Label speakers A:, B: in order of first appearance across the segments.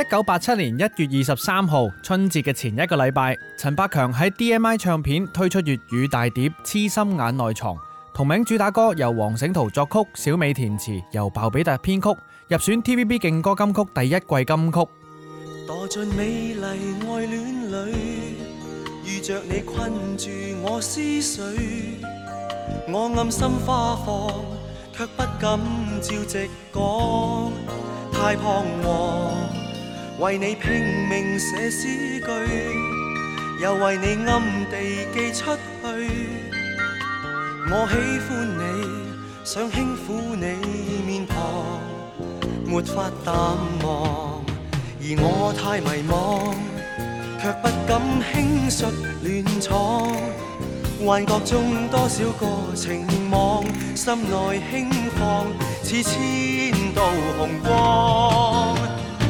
A: 一九八七年一月二十三號，春節嘅前一個禮拜，陳百強喺 DMI 唱片推出粵語大碟《痴心眼內藏》，同名主打歌由黃醒濤作曲，小美填詞，由鮑比達編曲，入選 TVB 勁歌金曲第一季金曲。
B: 墮進美麗愛戀裏遇着你困住我思緒，我暗心花放卻不敢照直講，太彷徨。為你拼命寫詩句，又為你暗地寄出去。我喜歡你，想輕撫你面龐，沒法淡忘。而我太迷惘，却不敢輕率亂闖。幻覺中多少個情網，心內輕放，似千度紅光。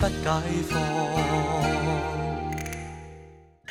C: 不解放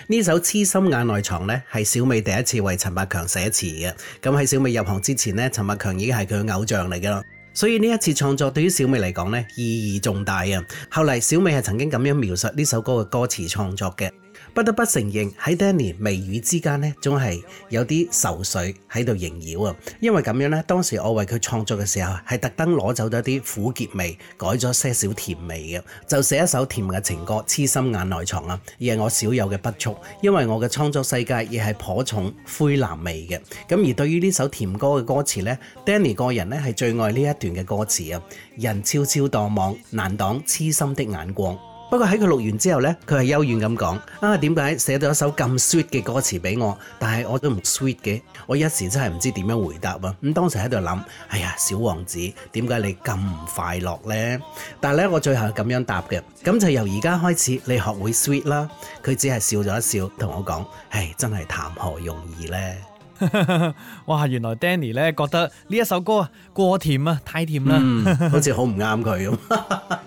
C: 呢首《痴心眼內藏》呢，係小美第一次為陳百強寫詞嘅。咁喺小美入行之前呢，陳百強已經係佢嘅偶像嚟嘅啦。所以呢一次創作對於小美嚟講呢，意義重大啊！後嚟小美係曾經咁樣描述呢首歌嘅歌詞創作嘅。不得不承認喺 Danny 眉宇之間呢，總係有啲愁緒喺度縈繞啊！因為這樣呢，當時我為佢創作嘅時候，係特登攞走咗啲苦澀味，改咗些少甜味嘅，就寫一首甜嘅情歌《痴心眼內藏》啊，係我少有嘅筆觸。因為我嘅創作世界亦係頗重灰藍味嘅。咁而對於呢首甜歌嘅歌詞呢，Danny 個人呢係最愛呢一段嘅歌詞啊，人悄悄躲望，難擋痴心的眼光。不過喺佢錄完之後呢，佢係幽怨咁講：啊點解寫咗一首咁 sweet 嘅歌詞俾我？但係我都唔 sweet 嘅，我一時真係唔知點樣回答啊！咁當時喺度諗：哎呀，小王子點解你咁唔快樂呢？」但係咧，我最後係咁樣答嘅，咁就由而家開始你學會 sweet 啦。佢只係笑咗一笑，同我講：唉、哎，真係談何容易呢。
A: 」哇，原來 Danny 呢覺得呢一首歌啊過甜啊，太甜啦、 嗯，好似
C: 好唔啱佢咁。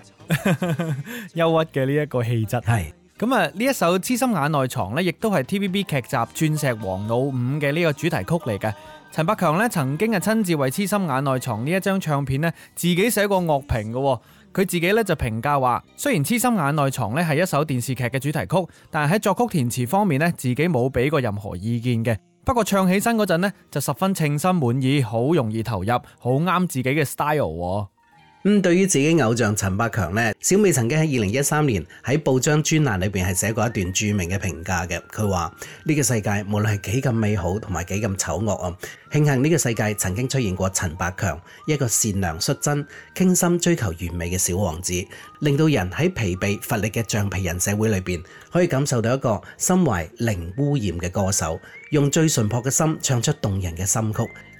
A: 憂鬱嘅呢一個氣質係咁啊！呢一首《痴心眼內藏》呢，亦都係 TVB 劇集《鑽石王老五》嘅呢個主題曲嚟嘅。陳百強呢，曾經係親自為《痴心眼內藏》呢一張唱片呢，自己寫過樂評嘅。佢自己呢，就評價話：雖然《痴心眼內藏》呢係一首電視劇嘅主題曲，但係喺作曲填詞方面呢，自己冇俾過任何意見嘅。不過唱起身嗰陣呢，就十分稱心滿意，好容易投入，好啱自己嘅
C: style。咁對於自己偶像陳百強呢，小美曾經喺二零一三年喺報章專欄裏面係寫過一段著名嘅評價嘅。佢話呢個世界無論係幾咁美好同埋幾咁醜惡啊，慶幸呢個世界曾經出現過陳百強一個善良率真、傾心追求完美嘅小王子，令到人喺疲憊乏力嘅橡皮人社會裏面可以感受到一個心懷零污染嘅歌手，用最純樸嘅心唱出動人嘅心曲。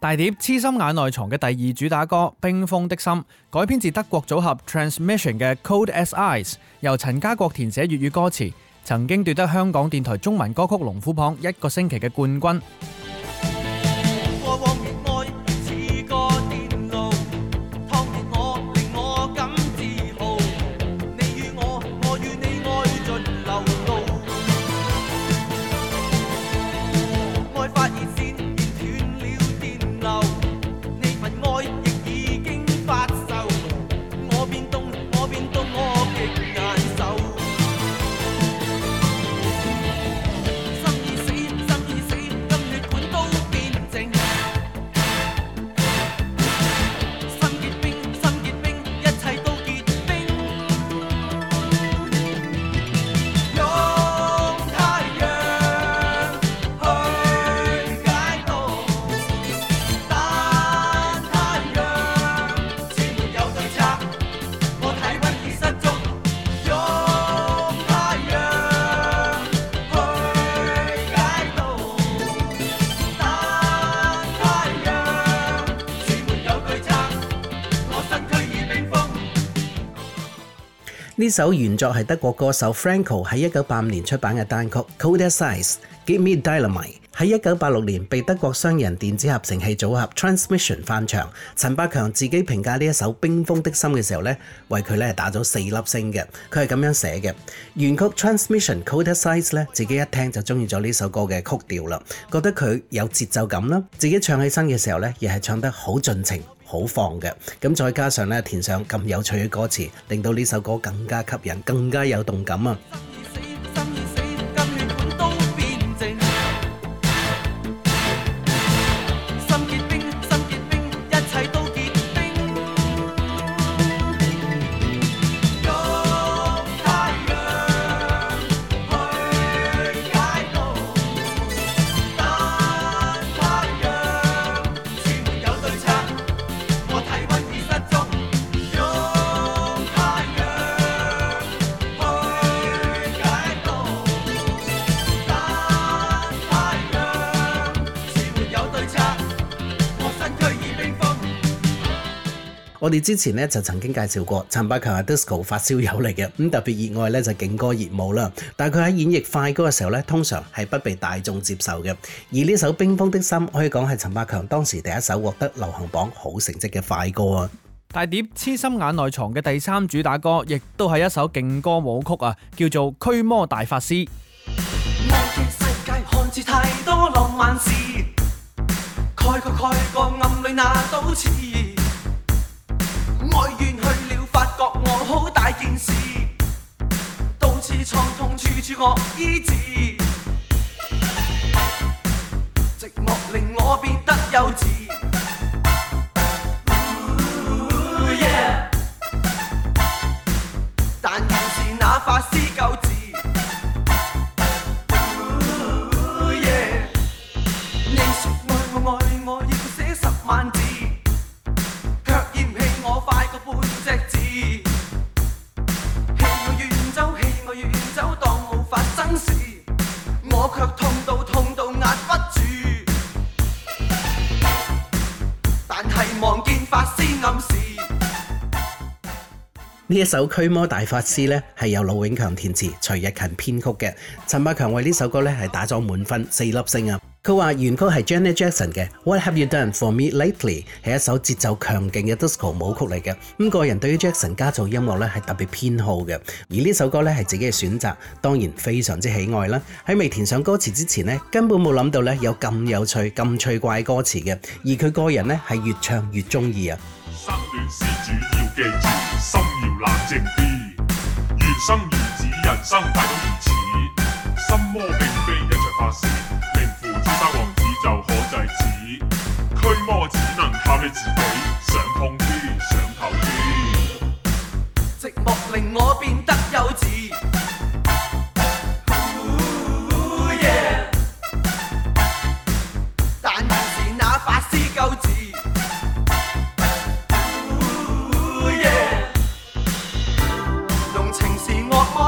A: 大碟《痴心眼內藏》嘅第二主打歌《冰封的心》，改編自德國組合 Transmission 嘅《Cold as Ice》，由陳家國填寫粵語歌詞，曾經奪得香港電台中文歌曲龍虎榜一個星期嘅冠軍。
C: 呢首原作係德國歌手 Franco 喺一九八五年出版嘅單曲《Cold As Ice》，《Give Me a Dynamite》喺一九八六年被德國商人電子合成器組合 Transmission 翻唱。陳百強自己評價呢一首冰封的心嘅時候呢，為佢咧打咗四粒星嘅。佢係咁樣寫嘅：原曲 Transmission Code Size《Cold As Ice》咧，自己一聽就中意咗呢首歌嘅曲調啦，覺得佢有節奏感啦，自己唱起身嘅時候呢，亦係唱得好盡情。好放嘅，咁再加上咧填上咁有趣嘅歌詞，令到呢首歌更加吸引，更加有動感啊！我哋之前呢就曾經介紹過，陳百強係 disco 發燒友嚟嘅，咁特別熱愛呢就勁歌熱舞啦。但係佢喺演繹快歌嘅時候呢，通常係不被大眾接受嘅。而呢首《冰封的心》可以講係陳百強當時第一首獲得流行榜好成績嘅快歌啊。
A: 大碟《痴心眼內藏》嘅第三主打歌，亦都係一首勁歌舞曲啊，叫做《驅魔大法師》。
B: 哀怨去了，發覺我好大件事，到處創痛，處處我醫治。
C: 呢首《驅魔大法師》呢，係由盧永強填詞、徐日勤編曲嘅。陳百強為呢首歌呢，係打咗滿分四粒星啊！佢話原曲係 Janet Jackson 嘅《What Have You Done For Me Lately》，係一首節奏強勁嘅 disco 舞曲嚟嘅。咁個人對於 Jackson 家族音樂呢，係特別偏好嘅，而呢首歌呢，係自己嘅選擇，當然非常之喜愛啦。喺未填上歌詞之前呢，根本冇諗到呢，有咁有趣、咁趣怪歌詞嘅，而佢個人呢，係越唱越中意啊！
B: 冷靜啲，原生如此，人生大都如此。心魔並非一朝發洩，名符天生王子就可制止。驅魔只能靠你自己，想通啲，想透啲。寂寞令我變得幼稚。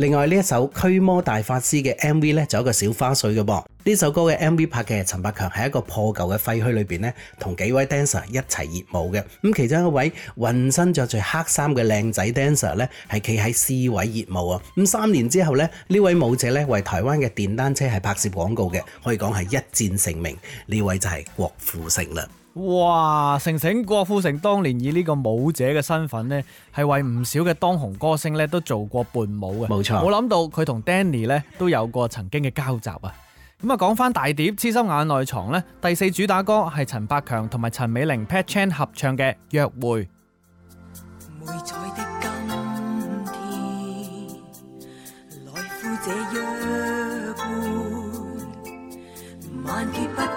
C: 另外呢一首《驅魔大法師》嘅 MV 咧，就有個小花絮嘅噃。呢首歌嘅 MV 拍嘅陳百強喺一個破舊嘅廢墟裏邊咧，同幾位 dancer 一齊熱舞嘅。咁其中一位渾身着住黑衫嘅靚仔 dancer 咧，係企喺 C 位熱舞啊！咁三年之後咧，這位武呢位舞者咧為台灣嘅電單車係拍攝廣告嘅，可以講係一戰成名。呢位就係郭富城啦。
A: 哇！成成郭富城當年以呢個舞者嘅身份呢，係為唔少嘅當紅歌星呢都做過伴舞嘅。冇錯。冇諗到佢同 Danny 呢都有過曾經嘅交集啊。咁啊，講翻大碟《痴心眼內藏》呢，第四主打歌係陳百強同埋陳美玲 Pat Chan 合唱嘅《約會》。梅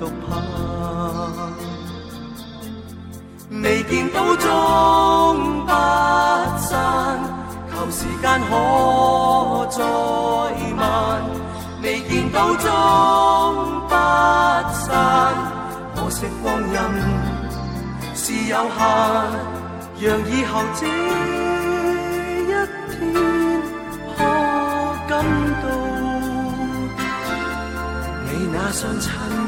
B: 獨盼，未見到終不散，求時間可再慢。未見到終不散，可惜光陰是有限。讓以後這一天可感到你那雙。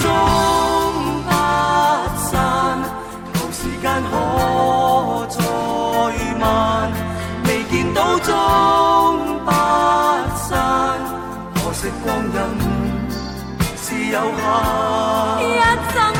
B: 鐘不散，求時間可再慢。未見到鐘不散，可惜光陰是有限。一生。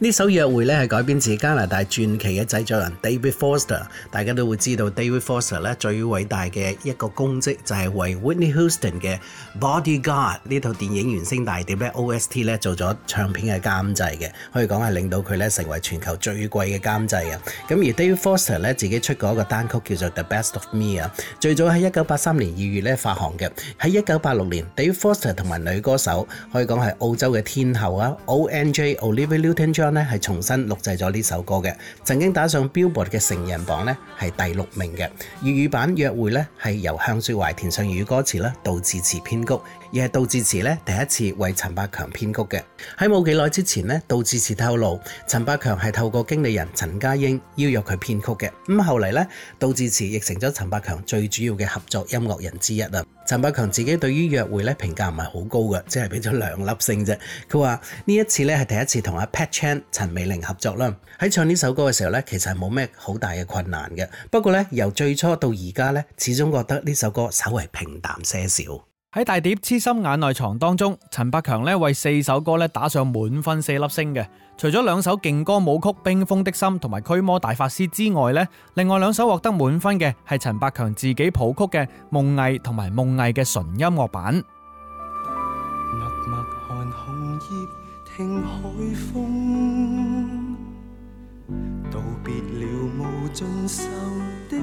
C: 呢首約會咧係改編自加拿大傳奇嘅製作人 David Foster，大家都會知道 David Foster 咧最偉大嘅一個功績就係為 Whitney Houston 嘅《Bodyguard》呢套電影原聲大碟咧 OST 咧做咗唱片嘅監製嘅，可以講係令到佢咧成為全球最貴嘅監製啊！咁而 David Foster 咧自己出過一個單曲叫做《The Best of Me》啊，最早喺一九八三年二月咧發行嘅，喺一九八六年 David Foster 同埋女歌手可以講係澳洲嘅天后啊，O.N.J. Olivia Newton-John 重新錄製咗呢首歌嘅，曾經打上 Billboard 嘅成人榜咧係第六名嘅。粵語版《約會》咧係由向雪懷填上粵語歌詞咧，杜自持編曲。而係杜志慈咧第一次為陳百強編曲嘅。喺冇幾耐之前咧，杜志慈透露陳百強係透過經理人陳家英邀約佢編曲嘅。咁後嚟咧，杜志慈亦成咗陳百強最主要嘅合作音樂人之一啦。陳百強自己對於約會咧評價唔係好高嘅，即係俾咗兩粒星啫。佢話呢一次咧係第一次同阿 Pat Chan 陳美玲合作啦。喺唱呢首歌嘅時候咧，其實冇咩好大嘅困難嘅。不過咧，由最初到而家咧，始終覺得呢首歌稍為平淡些少。
A: 喺《大碟痴心眼內藏》當中，陳百強咧為四首歌咧打上滿分四粒星嘅。除咗兩首勁歌舞曲《冰封的心》同埋《驅魔大法師》之外呢，另外兩首獲得滿分嘅係陳百強自己譜曲嘅《夢囈》同埋《夢囈》嘅純音樂版。默
B: 默看紅葉聽海風道別了無盡愁的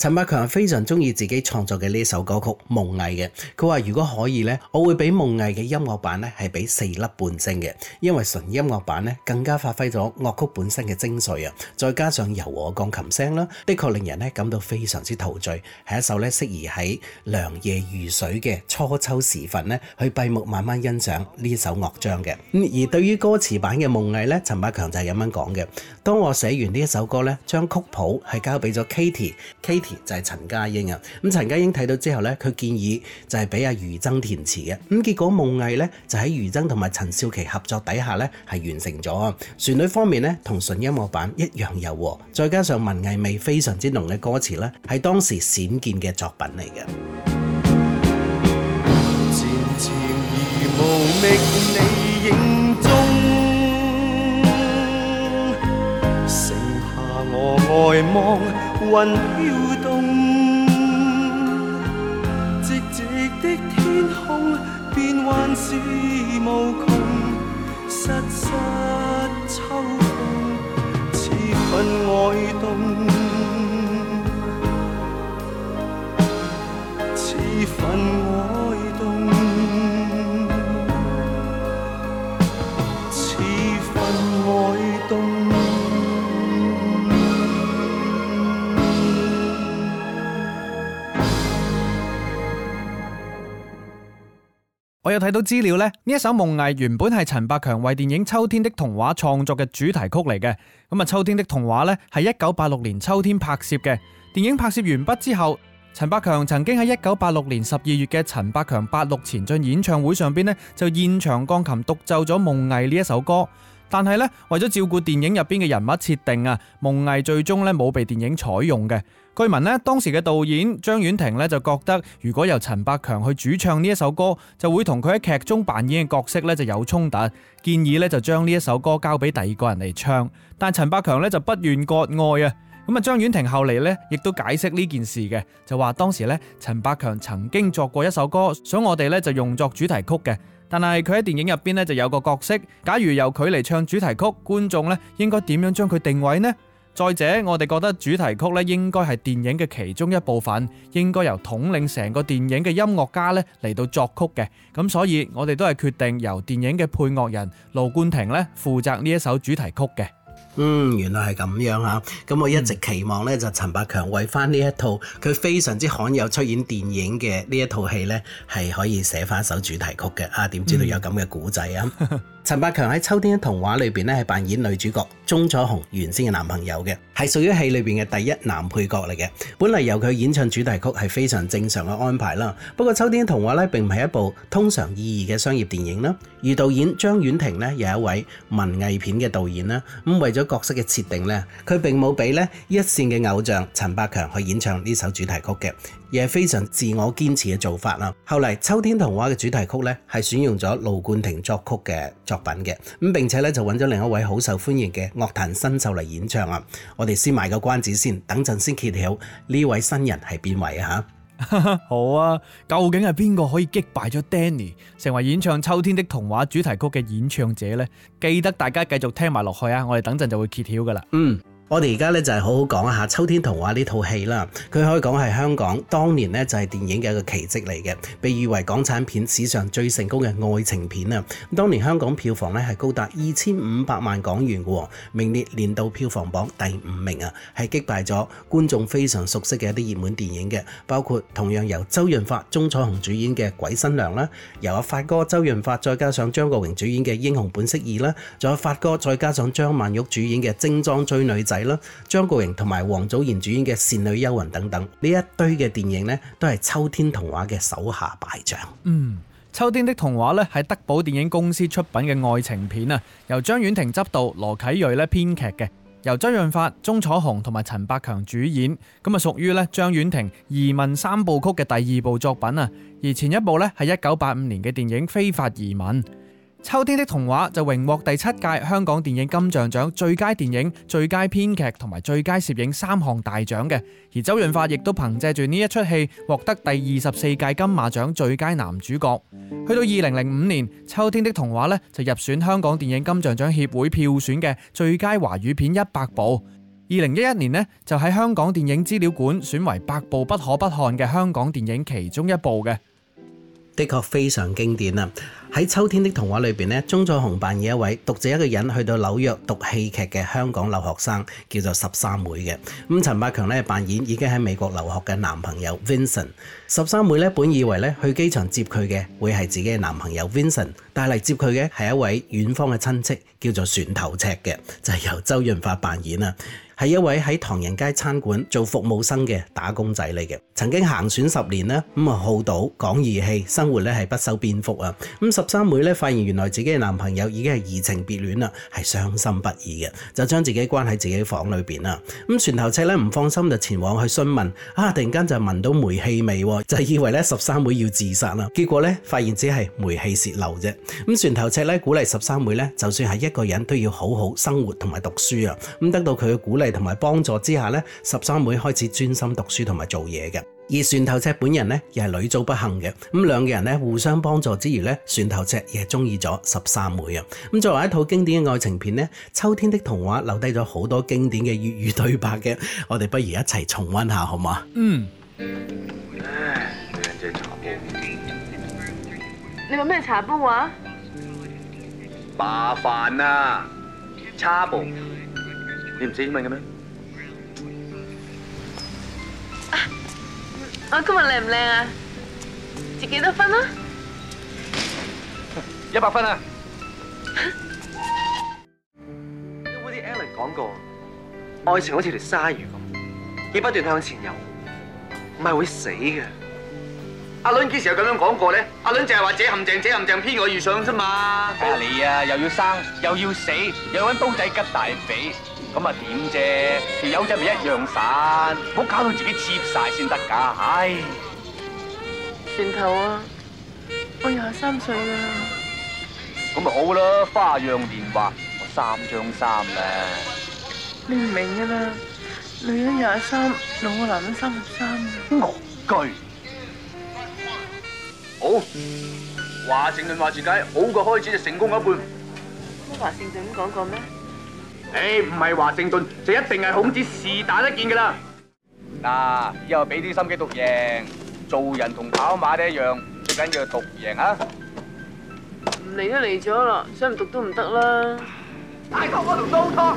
C: 陳百強非常中意自己創作嘅呢首歌曲《夢囈》嘅，佢話：如果可以咧，我會俾《夢囈》嘅音樂版咧係俾四粒半星嘅，因為純音樂版咧更加發揮咗樂曲本身嘅精髓啊！再加上柔和鋼琴聲啦，的確令人咧感到非常之陶醉，係一首咧適宜喺涼夜如水嘅初秋時分咧去閉目慢慢欣賞呢首樂章嘅。而對於歌詞版嘅《夢囈》咧，陳百強就係咁樣講嘅：當我寫完呢一首歌咧，將曲譜係交俾咗 Katie，Katie 就係、是、陳家英啊！咁陳家英睇到之後呢，佢建議就係俾阿俞琤填詞嘅。咁結果夢囈呢就喺俞琤同埋陳少琪合作底下呢，係完成咗。旋律方面呢，同純音樂版一樣柔和，再加上文藝味非常之濃嘅歌詞呢，係當時鮮見嘅作品嚟嘅。漸
B: 漸雲飄動，寂寂的天空，變幻是無窮。瑟瑟秋風，似分外凍，似分外
A: 我有睇到資料咧，呢一首《夢囈》原本係陳百強為電影《秋天的童話》創作嘅主題曲嚟嘅。咁啊，《秋天的童話》呢係一九八六年秋天拍攝嘅。電影拍攝完畢之後，陳百強曾經喺一九八六年十二月嘅陳百強八六前進演唱會上邊呢，就現場鋼琴獨奏咗《夢囈》呢一首歌。但係呢，為咗照顧電影入邊嘅人物設定啊，《夢囈》最終呢冇被電影採用嘅。據聞咧，當時嘅導演張婉婷咧就覺得，如果由陳百強去主唱呢一首歌，就會同佢喺劇中扮演嘅角色咧就有衝突，建議咧就將呢一首歌交俾第二個人嚟唱。但係陳百強咧就不願割愛啊！咁啊，張婉婷後嚟呢亦都解釋呢件事嘅，就話當時咧陳百強曾經作過一首歌，想我哋呢就用作主題曲嘅。但係佢喺電影入邊咧就有個角色，假如由佢嚟唱主題曲，觀眾咧應該點樣將佢定位呢？再者，我哋覺得主題曲咧應該係電影嘅其中一部分，應該由統領成個電影嘅音樂家咧嚟到作曲嘅。咁所以，我哋都係決定由
C: 電影嘅配樂人盧冠廷咧負責、嗯、一呢，一,一，呢一首主題曲嘅。嗯，原來係咁樣啊！咁我一直期望咧就陳百強為翻呢一套佢非常之罕有出演電影嘅呢一套戲咧係可以寫翻首主題曲嘅。啊，點知道有咁嘅古仔啊？ 陳百強喺《秋天的童話》裏面咧，係扮演女主角鍾楚紅原先嘅男朋友嘅，係屬於戲裏面嘅第一男配角嚟嘅。本嚟由佢演唱主題曲係非常正常嘅安排啦。不過《秋天的童話》並唔係一部通常意義嘅商業電影啦。而導演張婉婷咧，又係一位文藝片嘅導演啦。咁為咗角色嘅設定咧，佢並冇有俾一線嘅偶像陳百強去演唱呢首主題曲嘅。亦係非常自我堅持嘅做法啦。後嚟《秋天童話》嘅主題曲呢，係選用咗盧冠廷作曲嘅作品嘅，咁並且呢，就揾咗另一位好受歡迎嘅樂壇新秀嚟演唱啊。我哋先賣個關子先，等陣先揭曉呢位新人係邊位啊？嚇，好啊！究竟係邊個可以擊敗咗 Danny，成為演唱《秋天的童話》
A: 主題曲嘅演唱者呢？記得大家繼續聽埋落去啊！我哋等陣就會揭曉噶啦。嗯。
C: 我哋而家呢就係好好講一下《秋天童話》呢套戲啦。佢可以講係香港當年呢就係電影嘅一個奇蹟嚟嘅，被譽為港產片史上最成功嘅愛情片啊！當年香港票房咧係高達二千五百萬港元嘅喎，名列年，年度票房榜第五名啊，係擊敗咗觀眾非常熟悉嘅一啲熱門電影嘅，包括同樣由周潤發、鍾楚紅主演嘅《鬼新娘》啦，由阿發哥周潤發再加上張國榮主演嘅《英雄本色二》啦，仲有發哥再加上張曼玉主演嘅《精裝追女仔》。係咯，張國榮同埋王祖賢主演嘅《倩女幽魂》等等呢一堆嘅電影呢，都係《秋天童話》嘅手下敗將。嗯，《秋天的童話》呢，係德寶電影
A: 公司出品嘅愛情片啊，由張婉婷執導、羅啟銳呢編劇嘅，由周潤發、鍾楚紅同埋陳百強主演。咁啊，屬於呢張婉婷移民三部曲嘅第二部作品啊，而前一部呢，係一九八五年嘅電影《非法移民》。《秋天的童話》就榮獲第七屆香港電影金像獎最佳電影、最佳編劇同埋最佳攝影三項大獎嘅，而周潤發亦都憑借住呢一出戲獲得第二十四屆金馬獎最佳男主角。去到二零零五年，《秋天的童話》咧就入選香港電影金像獎協會票選嘅最佳華語片一百部，二零一一年咧就喺香港電影資料館選為百部不可不看嘅香
C: 港電影其中一部嘅。的確非常經典啦！喺《秋天的童話》裏邊咧，鍾楚紅扮演一位讀者，一個人去到紐約讀戲劇嘅香港留學生，叫做十三妹嘅。咁陳百強咧扮演已經喺美國留學嘅男朋友 Vincent。十三妹咧本以為咧去機場接佢嘅會係自己嘅男朋友 Vincent，但嚟接佢嘅係一位遠方嘅親戚，叫做船頭尺嘅，就係、是、由周潤發扮演啊，係一位喺唐人街餐館做服務生嘅打工仔嚟嘅，曾經行船十年咧，咁啊好賭講義氣，生活咧係不修邊幅啊。咁十三妹咧發現原來自己嘅男朋友已經係移情別戀啦，係傷心不已嘅，就將自己關喺自己房裏邊啊。咁船頭尺咧唔放心就前往去詢問，啊突然間就聞到煤氣味。就以為咧十三妹要自殺啦，結果咧發現只係煤氣泄漏啫。咁船頭赤咧鼓勵十三妹咧，就算係一個人都要好好生活同埋讀書啊。咁得到佢嘅鼓勵同埋幫助之下咧，十三妹開始專心讀書同埋做嘢嘅。而船頭赤本人咧，又係屢遭不幸嘅。咁兩個人咧互相幫助之餘咧，船頭赤亦係中意咗十三妹啊。咁作為一套經典嘅愛情片呢，《秋天的童話》留低咗好多經典嘅粵語對白嘅，我哋不如一齊重溫一下好嘛？嗯。
B: 你話咩茶煲話？
A: 麻煩啊，
B: 叉
A: 煲，你唔知英文嘅咩？
C: 我今日靚唔靚啊？值幾多分啊？
A: 一百分啊！
B: 有冇啲 Allen 講過，
A: 愛情好似條鯊魚咁，要不斷向前游。唔係會死嘅，阿倫幾時有咁樣講過咧？阿倫就係話：借陷阱，借陷阱，偏我遇上啫嘛。睇、哎、下你啊，又要生，又要死，又要揾刀仔吉大髀。咁啊點啫？條友仔咪一樣散，唔好搞到自己切晒先得噶。唉，年
B: 頭啊，我廿三歲啊。
A: 咁咪好咯，花樣年華，我三張三啊，
B: 你唔明啊嘛？女人廿三，老個
A: 男人三十三。惡句。好，華盛頓話齋，好個開始就成功一半。
C: 乜華盛頓咁講過咩？
A: 誒，唔係華盛頓就一定係孔子是打得見噶啦。嗱，以後俾啲心機讀贏，做人同跑馬都一樣，最緊要係讀贏啊！
C: 嚟都嚟
A: 咗啦，想唔讀都唔得啦。大托，我同刀托。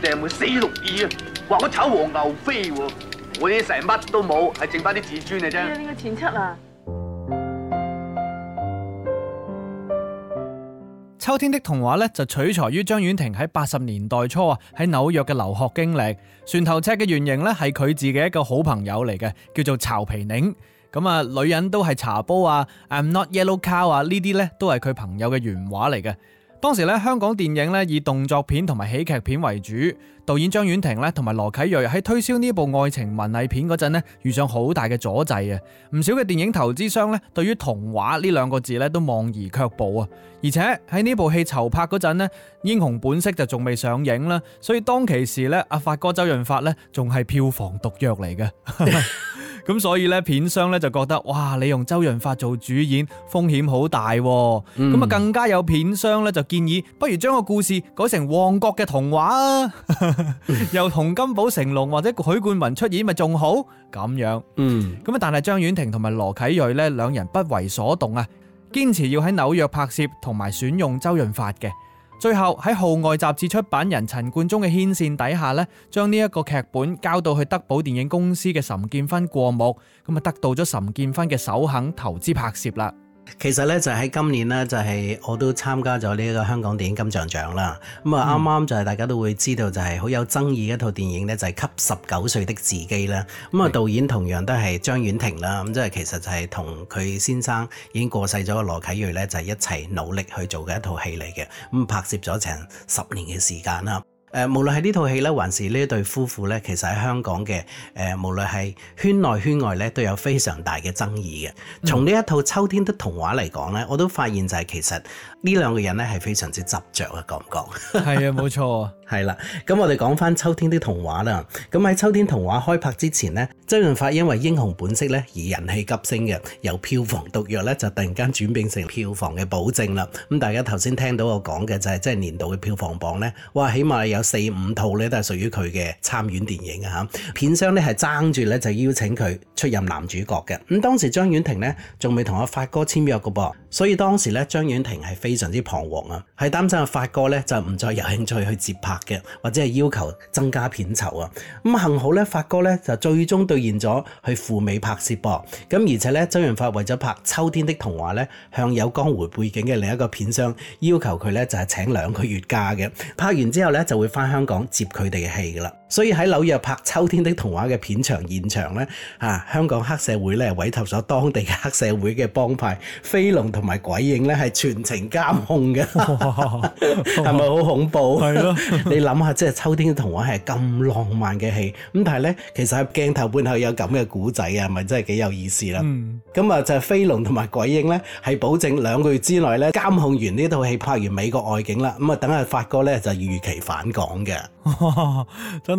A: 訂滿死六二啊，話我炒黃牛飛喎，啊，我呢成日乜都冇，係剩翻啲自尊嚟啫。你個
B: 前
A: 七啊？秋天的童話咧就取材於張婉婷喺八十年代初喺紐約嘅留學經歷。船頭尺嘅原型咧係佢自己一個好朋友嚟嘅，叫做巢皮寧。咁、嗯、啊，女人都係茶煲啊，I'm not yellow cow 啊，呢啲咧都係佢朋友嘅原話嚟嘅。當時咧，香港電影咧以動作片同埋喜劇片為主。導演張婉婷咧同埋羅啟銳喺推銷呢部愛情文藝片嗰陣咧，遇上好大嘅阻滯啊！唔少嘅電影投資商咧，對於童話呢兩個字咧都望而卻步啊！而且喺呢部戲籌拍嗰陣咧，英雄本色就仲未上映啦，所以當其時咧，阿發哥周潤發咧仲係票房毒藥嚟嘅。 咁所以咧，片商咧就覺得，哇！你用周潤發做主演，風險好大。咁啊，嗯、更加有片商咧就建議，不如將個故事改成旺角嘅童話啊，由 洪金寶、成龍或者許冠文出演咪仲好咁樣。嗯，咁啊，但係張婉婷同埋羅啟銳咧，兩人不為所動啊，堅持要喺紐約拍攝，同埋選用周潤發嘅。最後喺《在號外》雜誌出版人陳冠中嘅牽線底下咧，將呢一個劇本交到去德寶電影公司嘅岑建
C: 芬過目，咁啊得到咗岑建芬嘅首肯投資拍攝啦。其實咧就喺、是、今年咧就係、是、我都參加咗呢一個香港電影金像獎啦、就是。咁啊啱啱就係大家都會知道就係好有爭議一套電影咧就係、是《給十九歲的自己》啦。咁啊導演同樣都係張婉婷啦。咁即係其實就係同佢先生已經過世咗嘅羅啟銳咧就係一齊努力去做嘅一套戲嚟嘅。咁拍攝咗成十年嘅時間啦。誒，無論係呢套戲咧，還是呢一對夫婦咧，其實喺香港嘅誒，無論係圈內圈外咧，都有非常大嘅爭議嘅。從呢一套《秋天的童話》嚟講咧，我都發現就係其實。呢兩個人咧係非常之執着嘅感唔覺？係啊，冇錯係啦，咁我哋講翻《秋天的童話》啦。咁喺《秋天童話》開拍之前呢，周潤發因為英雄本色咧而人氣急升嘅，由票房毒藥咧就突然間轉變成票房嘅保證啦。咁大家頭先聽到我講嘅就係即係年度嘅票房榜咧，哇，起碼有四五套咧都屬於佢嘅參演電影啊！片商咧係爭住咧就邀請佢出任男主角嘅。咁當時張婉婷咧仲未同阿發哥簽約嘅噃。所以當時咧，張婉婷係非常之彷徨啊，係擔心阿發哥咧就唔再有興趣去接拍嘅，或者係要求增加片酬啊。咁幸好咧，發哥咧就最終兌現咗去赴美拍攝噃。咁而且咧，周潤發為咗拍《秋天的童話》咧，向有江湖背景嘅另一個片商要求佢咧就係請兩個月假嘅，拍完之後咧就會翻香港接佢哋嘅戲㗎啦。所以喺紐約拍《秋天的童話》嘅片場現場咧，嚇、啊、香港黑社會咧委託咗當地黑社會嘅幫派飛龍同埋鬼影咧，係全程監控嘅，係咪好恐怖？係咯， 你諗下，即係《秋天的童話》係咁浪漫嘅戲，咁但係咧，其實喺鏡頭背後有咁嘅故仔啊，係咪真係幾有意思啦。咁、嗯、啊，那就係飛龍同埋鬼影咧，係保證兩個月之內咧監控完呢套戲拍完美國外景啦。咁啊，等下發哥咧就如期返港嘅。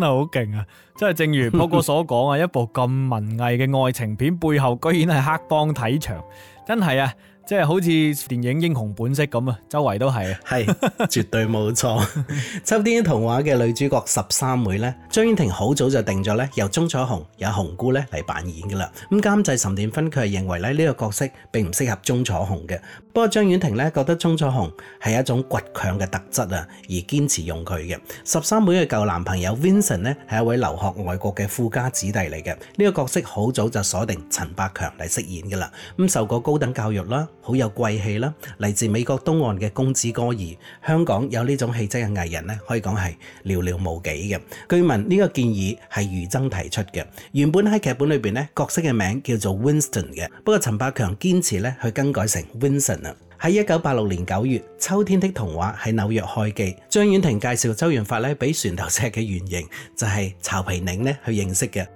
A: 真係好勁啊！即係正如 Paul 哥所講啊，一部咁文藝嘅愛情片背後，居然係黑幫體場，真係啊！即係好似
C: 電影《英雄本色》咁啊，周圍都係啊，係絕對冇錯。《秋天的童話》嘅女主角十三妹咧，張婉婷好早就定咗咧，由鍾楚紅也紅姑咧嚟扮演噶啦。咁監製陳殿芬佢係認為咧呢個角色並唔適合鍾楚紅嘅。不過張婉婷咧覺得鍾楚紅係一種倔強嘅特質啊，而堅持用佢嘅。十三妹嘅舊男朋友 Vincent 咧，係一位留學外國嘅富家子弟嚟嘅。呢個角色好早就鎖定陳百強嚟飾演噶啦。咁受過高等教育啦，好有貴氣啦，嚟自美國東岸嘅公子哥兒。香港有呢種氣質嘅藝人咧，可以講係寥寥無幾嘅。據聞呢個建議係余增提出嘅。原本喺劇本裏邊咧，角色嘅名叫做 Winston 嘅，不過陳百強堅持咧去更改成 Vincent。喺一九八六年九月，秋天的童話喺紐約開機。張婉婷介紹周潤發咧，俾船頭尺嘅原型就係、是、曹皮寧咧去認識嘅。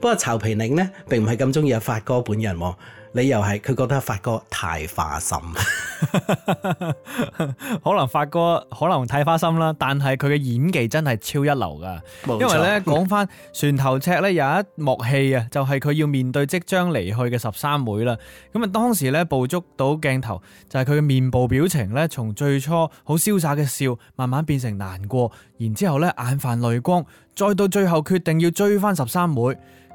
C: 不過曹皮寧咧並唔係咁中意阿發哥本人喎。理由係佢覺得發哥太花心 ，
A: 可能發哥可能太花心啦。但係佢嘅演技真係超一流噶，因為咧講翻船頭尺咧有一幕戲啊，就係、是、佢要面對即將離去嘅十三妹啦。咁啊當時咧捕捉到鏡頭就係佢嘅面部表情咧，從最初好瀟灑嘅笑，慢慢變成難過，然之後咧眼泛淚光，再到最後決定要追翻十三妹。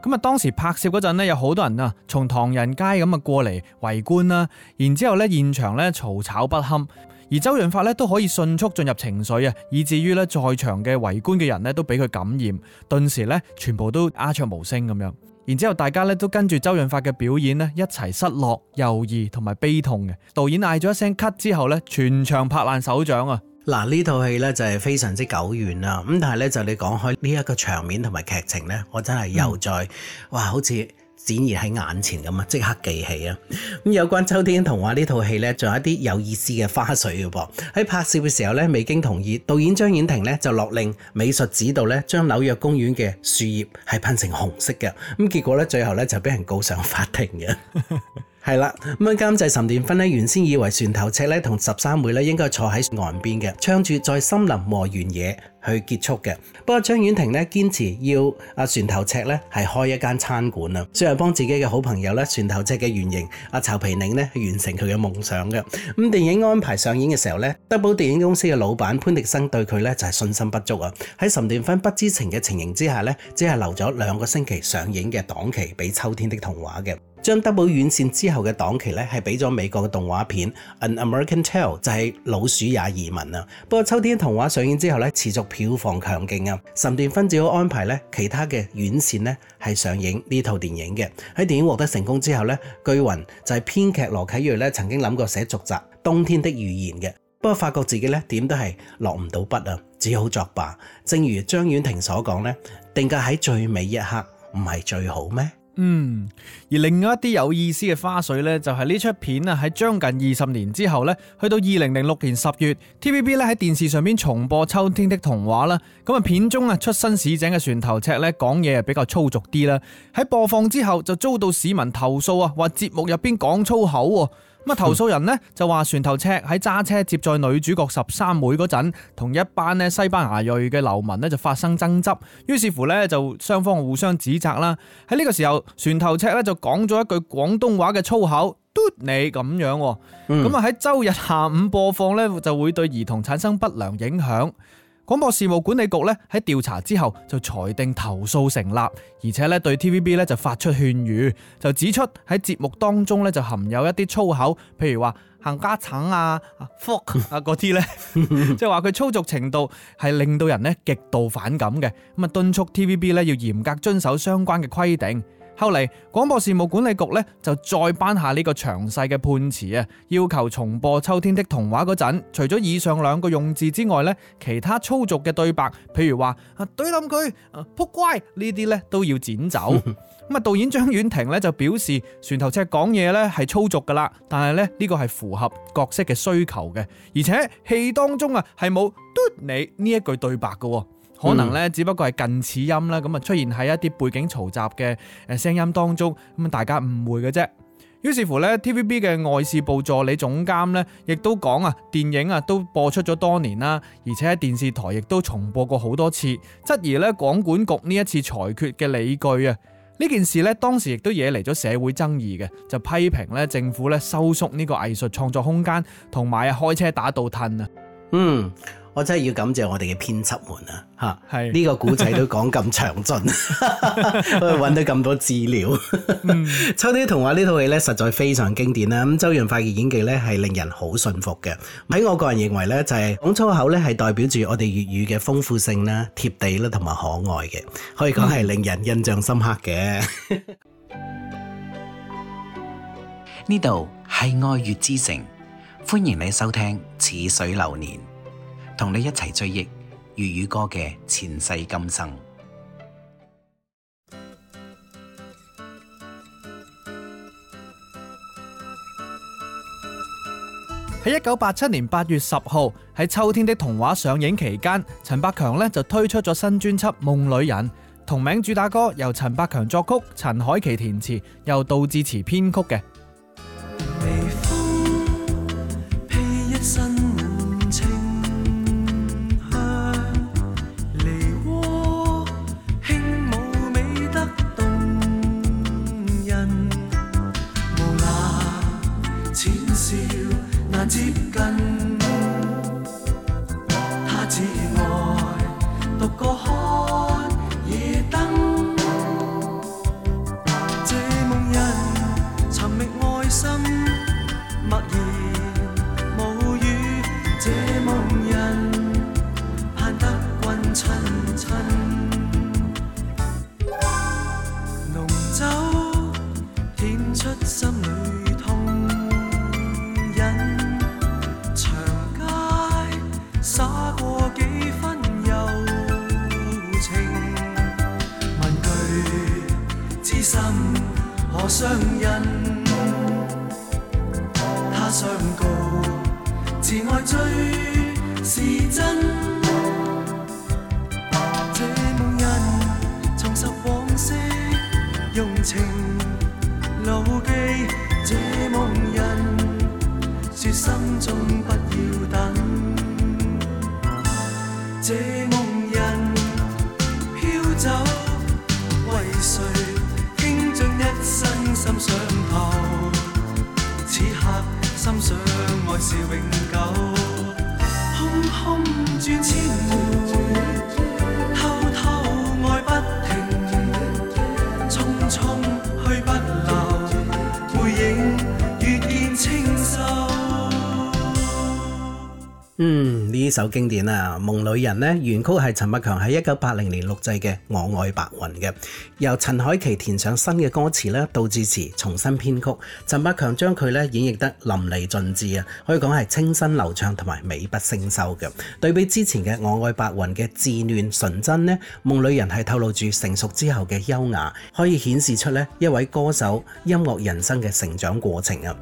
A: 咁啊！當時拍攝嗰陣咧，有好多人啊，從唐人街咁啊過嚟圍觀啦。然之後咧，現場咧嘈吵不堪，而周潤發咧都可以迅速進入情緒啊，以至於咧在場嘅圍觀嘅人咧都俾佢感染，頓時咧全部都鴉雀無聲咁樣。然之後大家咧都跟住周潤發嘅表演咧一齊失落、猶豫同埋悲痛嘅。導演嗌咗一
C: 聲咳之後咧，全場拍爛手掌啊！嗱，呢套戲咧就係非常之久遠啦，咁但係咧就你講開呢一個場面同埋劇情咧，我真係又再、嗯、哇，好似展現喺眼前咁啊，即刻記起啊！咁有關秋天童話呢套戲咧，仲有一啲有意思嘅花絮嘅噃，喺拍攝嘅時候咧，未經同意，導演張婉婷咧就落令美術指導咧將紐約公園嘅樹葉係噴成紅色嘅，咁結果咧最後咧就俾人告上法庭嘅。 係啦，咁啊監製岑殿芬原先以為船頭尺和同十三妹應該坐喺岸邊嘅，唱住在森林和原野。去結束嘅。不過張婉婷呢，堅持要阿船頭尺呢，係開一間餐館啊，雖然幫自己嘅好朋友咧船頭尺嘅原型阿曹皮寧咧完成佢嘅夢想嘅。咁電影安排上映嘅時候呢，德寶電影公司嘅老闆潘迪生對佢呢，就係信心不足啊。喺岑段芬不知情嘅情形之下呢，只係留咗兩個星期上映嘅檔期俾《秋天的童話》嘅，將德寶院線之後嘅檔期呢，係俾咗美國嘅動畫片《An American Tale》就係《老鼠也移民》啊。不過《秋天的童話》上映之後呢，持續。票房強勁啊！《神斷分子》安排咧，其他嘅院線咧係上映呢套電影嘅。喺電影獲得成功之後咧，據云就係編劇羅啟銳咧曾經諗過寫續集《冬天的預言》嘅，不過發覺自己咧點都係落唔到筆啊，只好作罷。正如張婉婷所講咧，定格喺最美一刻唔係最好咩？
A: 嗯，而另外一啲有意思嘅花絮呢，就係呢齣片啊，喺將近二十年之後呢，去到二零零六年十月，TVB 咧，喺電視上邊重播《秋天的童話》啦，咁啊片中啊出身市井嘅船頭尺呢，講嘢啊比較粗俗啲啦，喺播放之後就遭到市民投訴啊，話節目入邊講粗口喎。咁、嗯、啊，投訴人呢就話船頭赤喺揸車接載女主角十三妹嗰陣，同一班西班牙裔嘅流民呢就發生爭執，於是乎呢，就雙方互相指責啦。喺呢個時候，船頭赤呢就講咗一句廣東話嘅粗口，嘟你咁樣、哦。咁啊喺周日下午播放呢，就會對兒童產生不良影響。廣播事務管理局咧喺調查之後就裁定投訴成立，而且咧對 T V B 咧就發出勸喻，就指出喺節目當中咧就含有一啲粗口，譬如話行家鏟啊、fuck 啊嗰啲咧，即係話佢粗俗程度係令到人咧極度反感嘅，咁啊敦促 T V B 咧要嚴格遵守相關嘅規定。後嚟廣播事務管理局咧就再頒下呢個詳細嘅判詞啊，要求重播《秋天的童話》嗰陣，除咗以上兩個用字之外咧，其他粗俗嘅對白，譬如話啊懟冧佢啊扑乖這些呢啲咧都要剪走。咁 啊導演張婉婷咧就表示，船頭尺講嘢咧係粗俗噶啦，但係咧呢、呢個係符合角色嘅需求嘅，而且戲當中啊係冇嘟你呢一句對白噶、哦。可能咧，只不過係近似音啦，咁、嗯、啊出現喺一啲背景嘈雜嘅誒聲音當中，咁大家誤會嘅啫。於是乎咧，TVB 嘅外事部助理總監咧，亦都講啊，電影啊都播出咗多年啦，而且喺電視台亦都重播過好多次，質疑咧廣管局呢一次裁決嘅理據啊。呢件事咧當時亦都惹嚟咗社會爭議嘅，就批評咧政府咧收縮呢個藝術創作空間，
C: 同埋啊開車打倒褪啊。嗯。我真係要感謝我哋嘅編輯們啊。嚇、啊、呢、呢個古仔都講咁詳盡，揾 到咁多資料。 《秋天童話》呢套戲呢，實在非常經典啦。咁周潤發嘅演技呢，係令人好信服嘅。喺我個人認為呢、就係，就係講粗口呢，係代表住我哋粵語嘅豐富性啦、貼地啦、同埋可愛嘅，可以講係令人印象深刻嘅。呢度係愛粵之城，歡迎你收聽《似水流年》，同你一齊追憶粵語歌嘅前世今生。
A: 喺一九八七年八月十號，喺《秋天的童話》上映期間，陳百強呢就推出咗新專輯《夢裡人》，同名主打歌由陳百強作曲，陳凱琪填詞，由杜自持編曲嘅。
C: 首經典啊，《夢裡人》呢，原曲係陳百強喺一九八零年錄製嘅《我愛白雲》嘅，由陳凱琪填上新嘅歌詞咧，杜自持重新編曲，陳百強將佢咧演繹得淋漓盡致啊，可以講係清新流暢同埋美不勝收嘅。對比之前嘅《我愛白雲》嘅稚嫩純真呢，《夢裡人》係透露住成熟之後嘅優雅，可以顯示出呢一位歌手音樂人生嘅成長過程啊。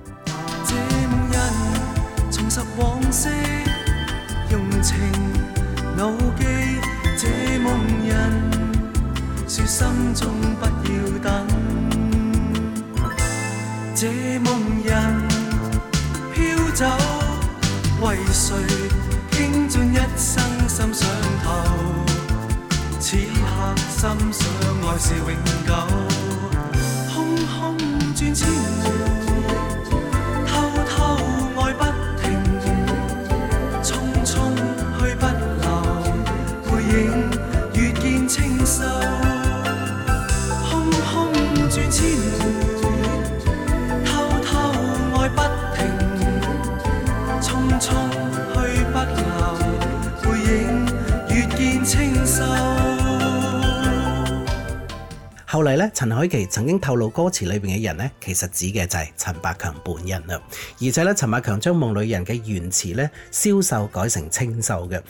B: 心想愛是永久。
C: 後來咧，陳海琪曾經透露歌詞裏邊嘅人咧，其實指嘅就係陳百強本人啦。而且咧，陳百強將《夢裡人》嘅原詞咧，消瘦改成清秀嘅。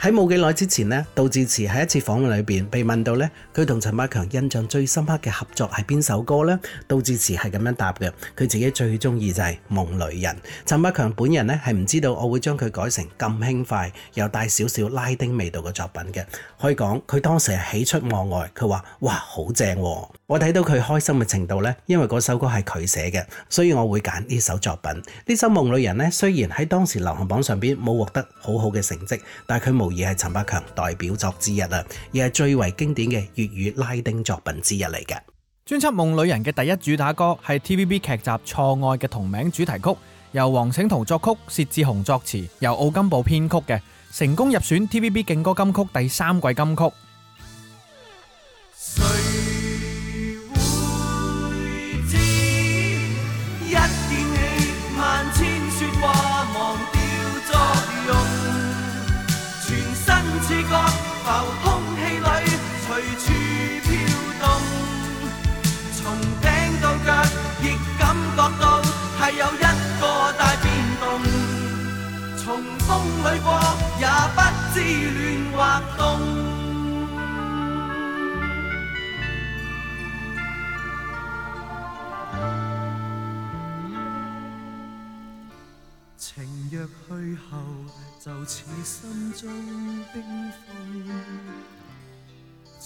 C: 喺冇幾耐之前呢杜自持喺一次訪問裏邊被問到呢佢同陳百強印象最深刻嘅合作係邊首歌呢杜自持係咁樣答嘅，佢自己最中意就係《夢裏人》。陳百強本人呢係唔知道我會將佢改成咁輕快又帶少少拉丁味道嘅作品嘅，可以講佢當時係喜出望外。佢話：哇，好正喎！我睇到佢開心嘅程度呢，因為嗰首歌係佢寫嘅，所以我會揀呢首作品。呢首《夢裏人》呢，雖然喺當時流行榜上邊冇獲得好好嘅成績，但係佢冇。而係陳百強代表作之一啊，亦係最為經典嘅粵語拉丁作品之一嚟嘅。
A: 專輯《夢裡人》嘅第一主打歌係 TVB 劇集《錯愛》嘅同名主題曲，由黃請濤作曲、薛志雄作詞、由奧金寶編曲嘅，成功入選 TVB 勁歌金曲第三季金曲。
B: 隨處飄動，從頂到腳亦感覺到係有一個大變動，從風裏過也不知暖或凍。情若去後，就似心中冰封。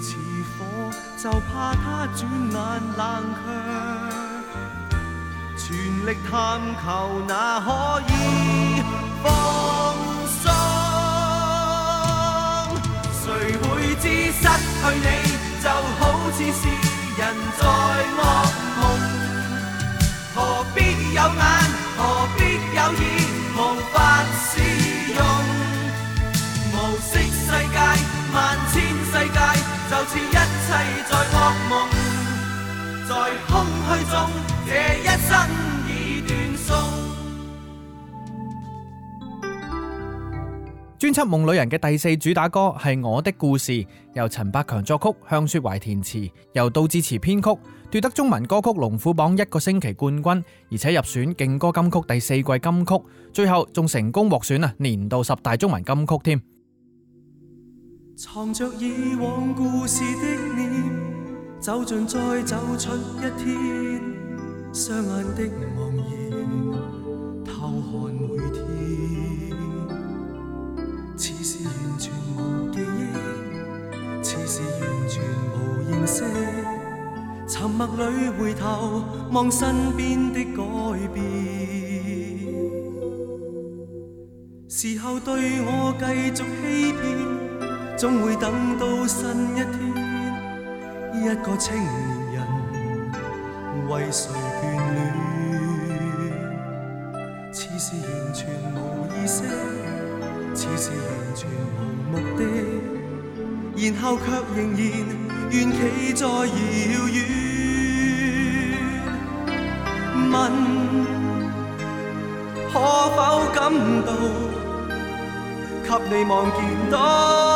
B: 似火，就怕它轉眼冷卻。全力探求，哪可以放鬆？誰會知失去你，就好似是人在惡夢。何必有眼？就似一切在惡夢，在空虛中，嘅一生已斷送。
A: 專輯《夢裡人》嘅第四主打歌係《我的故事》，由陳百強作曲，向雪懷填詞，由杜自持編曲，奪得中文歌曲龍虎榜一個星期冠軍，而且入選勁歌金曲第四季金曲，最後仲成功獲選啊年度十大中文金曲添。
B: 藏着以往故事的臉，走進再走出一天，雙眼的茫然，偷看每天。似是完全無記憶，似是完全無認識，沉默裏回頭望身邊的改變，時候對我繼續欺騙。總會等到新一天，一個青年人為誰眷戀？似是完全無意識，似是完全無目的，然後却仍然願企在遙遠。問可否感到，給你望見到？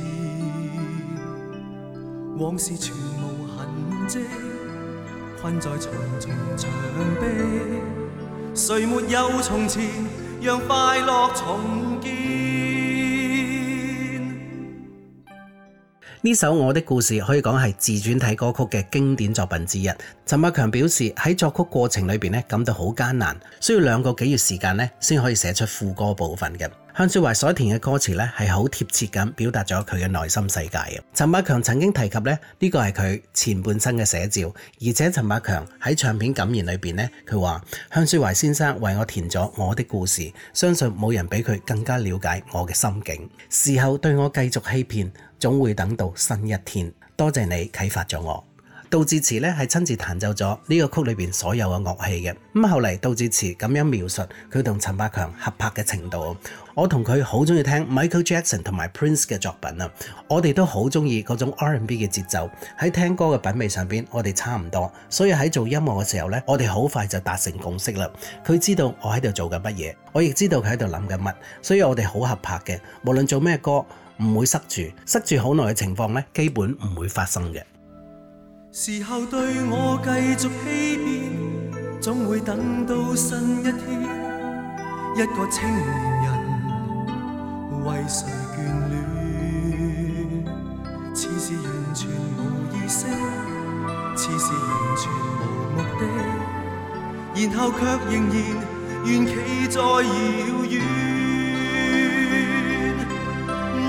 B: 往事全無痕跡，困在重重牆壁。誰沒有從前，讓快樂重建？
C: 呢首《我的故事》可以講係自傳體歌曲嘅經典作品之一。陳百強表示喺作曲過程裏面感到好艱難，需要兩個幾月時間咧先可以寫出副歌部分嘅。向雪懷所填嘅歌詞咧係好貼切咁表達咗佢嘅內心世界。陳百強曾經提及咧呢、這個係佢前半生嘅寫照，而且陳百強喺唱片感言裏面呢，佢話向雪懷先生為我填咗《我的故事》，相信冇人比佢更加了解我嘅心境。事後對我繼續欺騙。總會等到新一天。多謝你啟發咗我。杜自持咧係親自彈奏咗呢個曲裏邊所有嘅樂器嘅。咁後嚟，杜自持咁樣描述佢同陳百強合拍嘅程度。我同佢好中意聽 Michael Jackson 同埋 Prince 嘅作品啊。我哋都好中意嗰種 R&B 嘅節奏。喺聽歌嘅品味上邊，我哋差唔多。所以喺做音樂嘅時候咧，我哋好快就達成共識啦。佢知道我喺度做緊乜嘢，我亦知道佢喺度諗緊乜，所以我哋好合拍嘅。無論做咩歌。唔會塞住，塞住好耐嘅情況咧，基本唔會發生嘅。
B: 時候對我繼續欺騙，總會等到新一天，一個青年人為誰眷戀，似是完全無意思，似是完全無目的，然後卻仍然願企在遙遠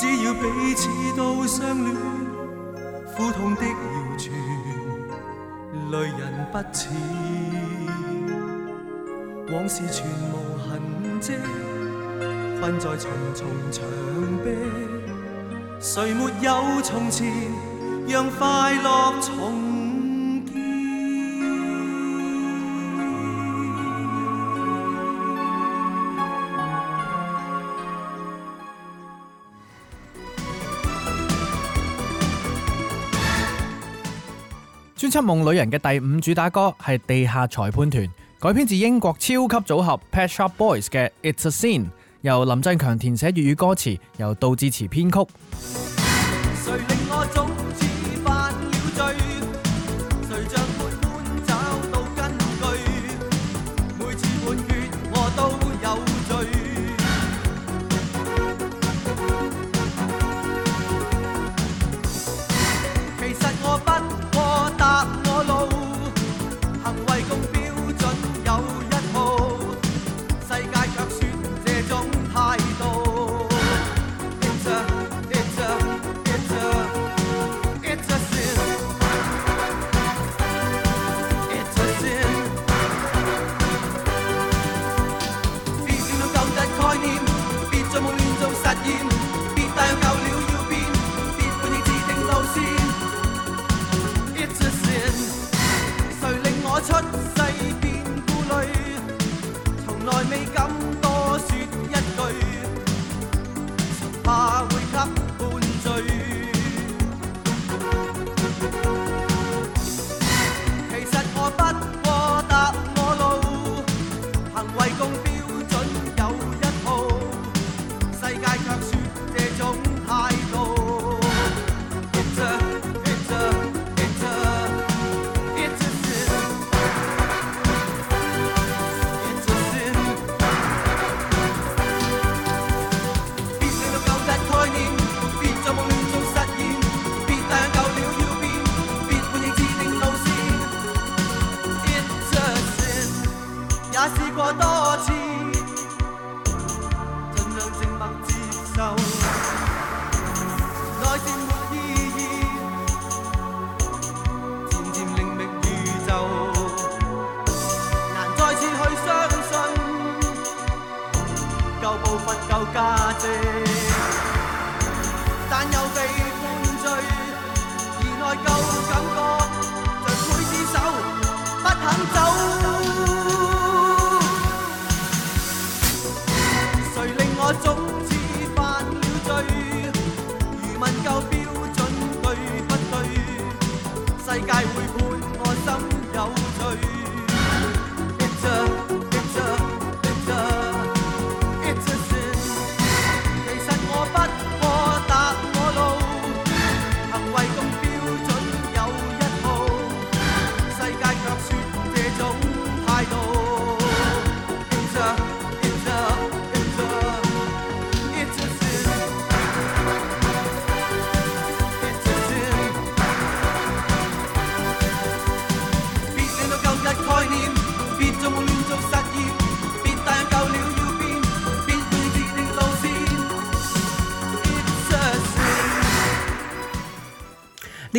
B: 只要彼此都相戀，苦痛的謠傳，累人不淺，往事全無痕迹，困在重重牆壁，誰沒有從前，讓快樂重？
A: 《夢裡人》嘅第五主打歌係《地下裁判團》，改編自英國超級組合 Pet Shop Boys 嘅《It's a Sin》，由林振強填寫粵語歌詞，由杜自持編曲。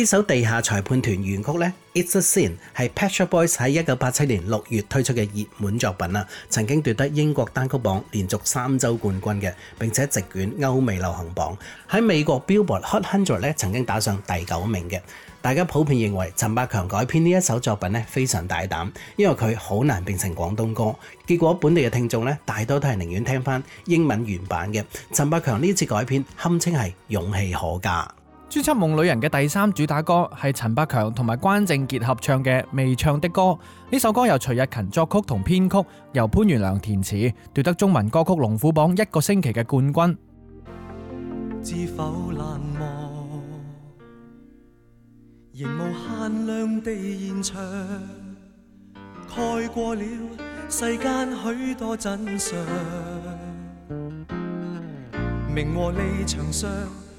C: 呢首地下裁判團原曲咧，It's a Sin 係 Pet Shop Boys 喺一九八七年六月推出嘅熱門作品啦，曾經奪得英國單曲榜連續三週冠軍嘅，並且席捲歐美流行榜，喺美國 Billboard Hot 100呢曾經打上第九名嘅。大家普遍認為陳百強改編呢一首作品咧非常大膽，因為佢好難變成廣東歌，結果本地嘅聽眾咧大多都係寧願聽翻英文原版嘅。陳百強呢次改編堪稱係勇氣可嘉。
A: 專輯《夢裏人》嘅第三主打歌係陳百強同埋關正傑合唱嘅《未唱的歌》，呢首歌由徐日勤作曲同編曲，由潘源良填詞，奪得中文歌曲龍虎榜一個星期嘅冠軍。
B: 知否，冷漠，仍無限量地延長，蓋過了世間許多真相，名和利，場上。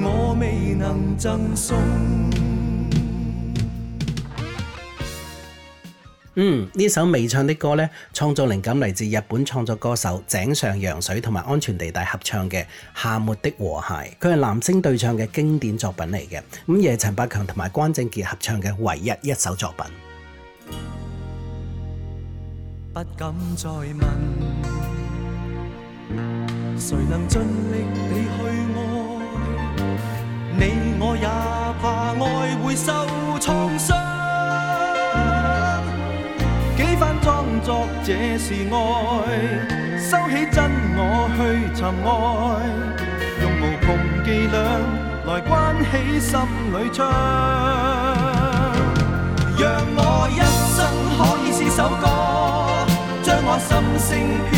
B: 我未能贈送
C: 嗯，呢首未唱的歌咧，創作靈感嚟自日本創作歌手井上洋水同埋安全地帶合唱嘅《夏末的和諧》，佢係男聲對唱嘅經典作品嚟嘅，咁亦係陳百強同埋關正傑合唱嘅唯一一首作品。
B: 不敢再問，誰能盡力地去？你我也怕愛會受創傷，幾番裝作這是愛，收起真我去尋愛，用無窮伎倆來關起心裏窗。讓我一生可以是首歌，將我心聲。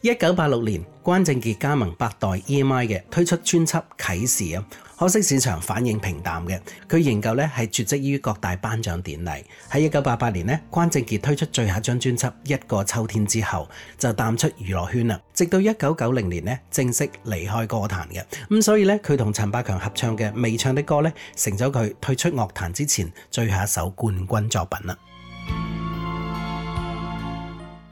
C: 一九八六年，關正傑加盟百代 EMI 嘅推出專輯《啟示》。可惜市場反應平淡嘅，佢仍舊咧係絕跡於各大頒獎典禮。喺一九八八年咧，關正傑推出最後一張專輯《一個秋天》之後，就淡出娛樂圈啦。直到一九九零年正式離開歌壇嘅。咁所以咧，佢同陳百強合唱嘅《未唱的歌》成咗佢退出樂壇之前最後一首冠軍作品啦。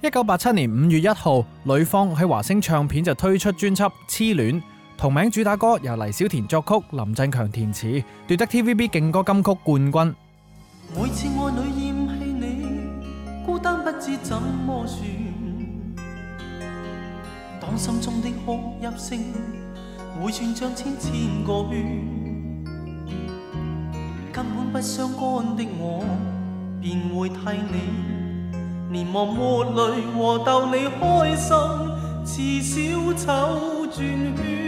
A: 一九八七年五月一號，呂方喺華星唱片就推出專輯《痴戀》，同名主打歌由黎小田作曲，林振強填詞，奪得 TVB 勁歌金曲冠軍。
B: 每次愛侶嫌棄你，孤單不知怎麼算，當心中的哭泣聲回旋像千千個月，根本不相干的我，便會替你，連忙抹淚和逗你開心，似小丑轉圈。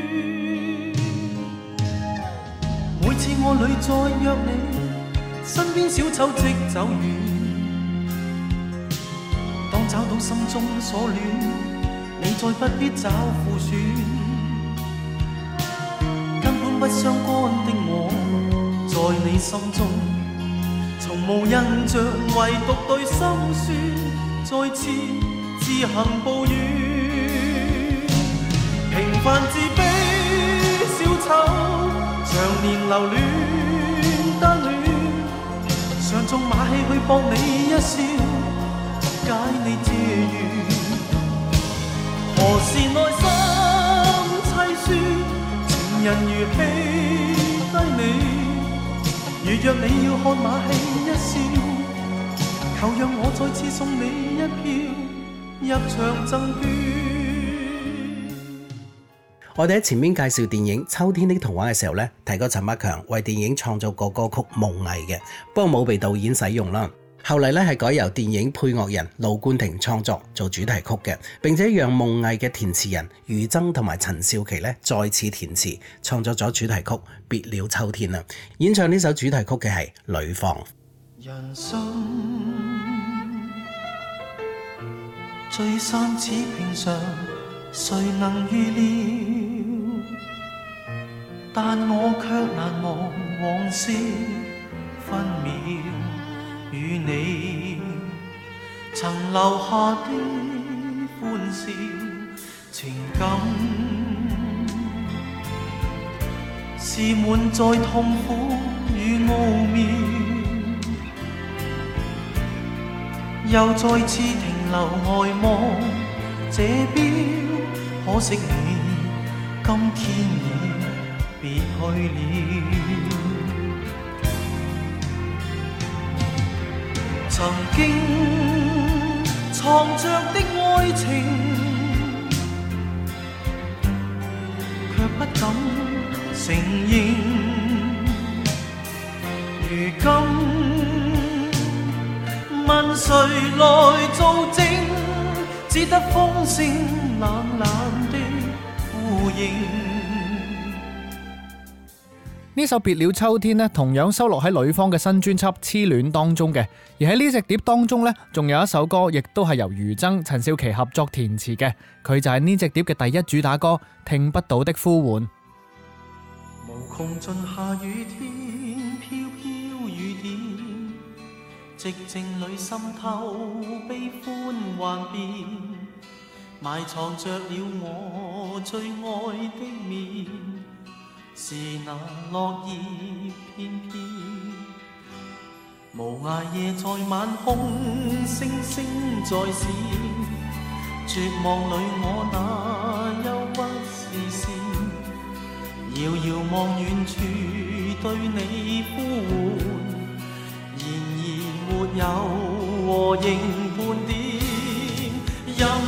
B: 每次愛侶再約你，身邊小丑即走遠。當找到心中所戀，你再不必找副選。根本不相干的我，在你心中。無印象，唯獨對心酸，再次自行抱怨。平凡自卑小丑，常年留戀單戀，上縱馬戲去博你一笑，解你這怨。何時內心凄酸，情人如棄低你？如若你要看馬戲一笑，求讓我再次送你一票入場贈券。
C: 我哋喺前面介紹電影《秋天的童話》嘅時候咧，提過陳百強為電影創作過歌曲《夢囈》嘅，不過冇被導演使用啦。後來咧，係改由電影配樂人盧冠廷創作做主題曲嘅，並且讓夢囈嘅填詞人余崢同埋陳少琪呢再次填詞創作咗主題曲《別了秋天》，演唱呢首主題曲嘅係呂方。
B: 與你曾留下的歡笑，情感是滿載痛苦與奧妙，又再次停留外望這邊，可惜你今天已別去了。曾經藏着的愛情，卻不敢承認。如今問誰來作證？只得風聲冷冷的呼應。
A: 呢首《別了秋天》咧，同樣收錄喺呂方嘅新專輯《痴戀》當中嘅。而喺呢隻碟當中咧，仲有一首歌，亦都係由余曾、陳少琪合作填詞嘅。佢就係呢隻碟嘅第一主打歌《聽不到的呼喚》。
B: 無窮盡下雨天，飄飄雨點，寂靜裏滲透悲歡幻變，埋藏着了我最愛的面。是那落葉片片，無涯夜在晚空，星星在閃。絕望裏我那憂鬱視線，遙遙望遠處對你呼喚，然而沒有回應半點。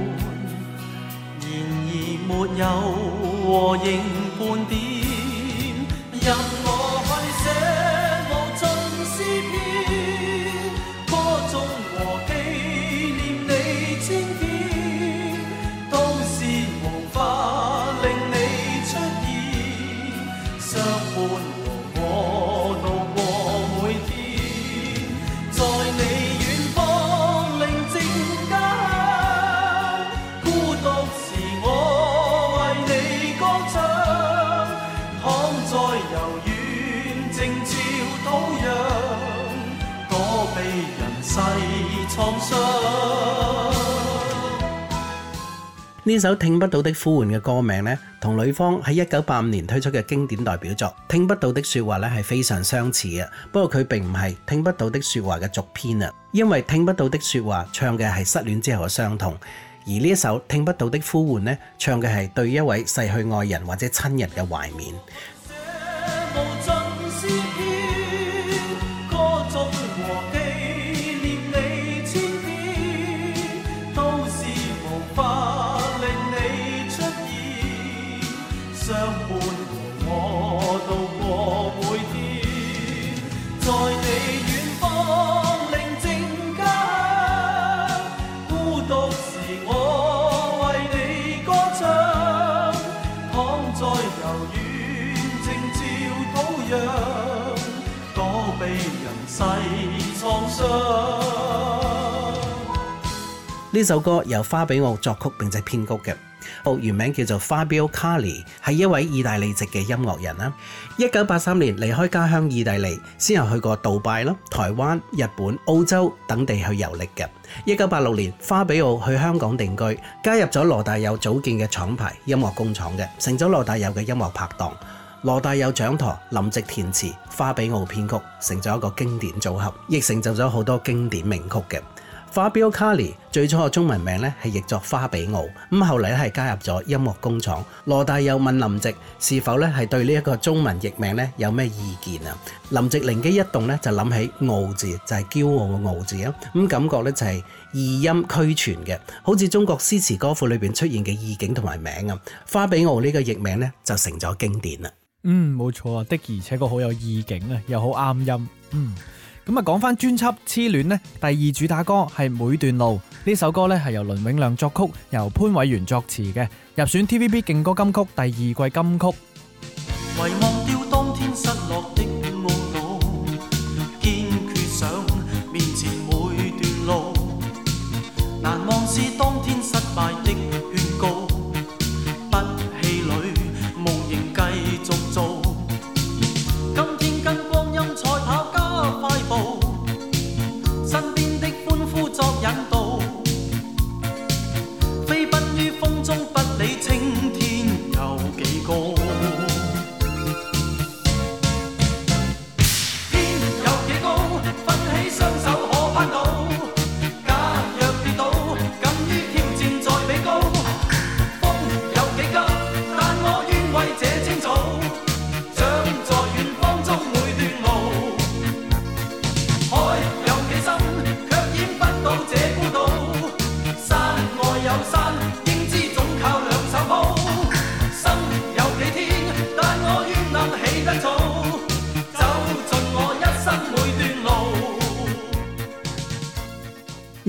B: 沒有和應半點。
C: 呢首聽不到的呼喚嘅歌名呢，同呂方喺一九八五年推出嘅經典代表作《聽不到的說話》呢係非常相似嘅，不過佢並唔係聽不到的說話嘅續篇啊，因為聽不到的說話唱嘅係失戀之後嘅傷痛，而呢一首聽不到的呼喚呢，唱嘅係對一位逝去愛人或者親人嘅懷念。呢首歌由花比傲作曲並且編曲嘅，原名叫做《Fabio Carli》，係一位意大利籍嘅音樂人啦。一九八三年離開家鄉意大利，先後去過迪拜啦、台灣、日本、澳洲等地去遊歷嘅。一九八六年，花比傲去香港定居，加入咗羅大佑組建嘅廠牌音樂工廠嘅，成咗羅大佑嘅音樂拍檔。羅大佑掌舵，林夕填詞，花比傲編曲，成咗一個經典組合，亦成就咗好多經典名曲嘅。Fabio Carli 最初嘅中文名咧係譯作花比傲，咁後嚟咧係加入咗音樂工廠。羅大佑問林夕是否咧係對呢一個中文譯名咧有咩意見啊？林夕靈機一動咧就諗起傲字，就係、是、驕傲嘅傲字啊，咁感覺咧就係意音俱全嘅，好似中國詩詞歌賦裏邊出現嘅意境同埋名啊。花比傲呢個譯名咧就成咗經典啦。嗯，冇錯
A: 啊，的而且確好有意境啊，又好啱音，嗯。咁啊，講翻專輯《痴戀》咧，第二主打歌係《每段路》呢首歌咧，係由倫永亮作曲，由潘偉源作詞嘅，入選 TVB 勁歌金曲第二季金曲。
B: 遺忘掉當天失落的。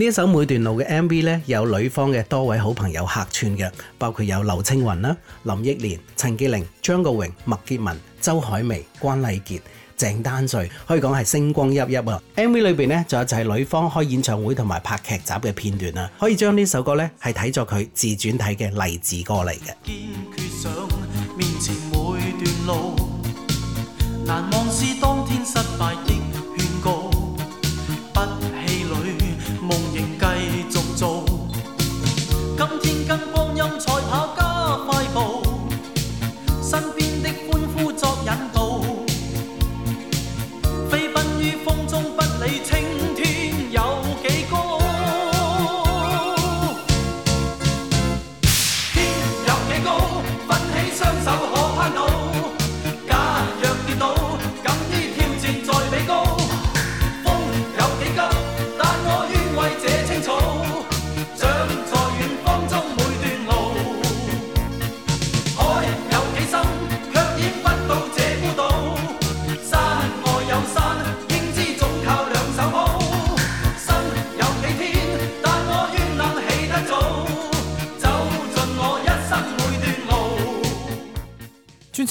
C: 呢首每段路嘅 MV 呢，有女方嘅多位好朋友客串嘅，包括有劉青雲啦、林憶蓮、陳潔玲、張國榮、麥潔文、周海媚、關禮傑、鄭丹瑞，可以講係星光熠熠啊！MV 裏邊呢，仲有就係女方開演唱會同埋拍劇集嘅片段啊，可以將呢首歌呢，係睇作佢自傳體嘅勵志歌嚟嘅。堅
B: 決想面前每段路，難忘是當天失敗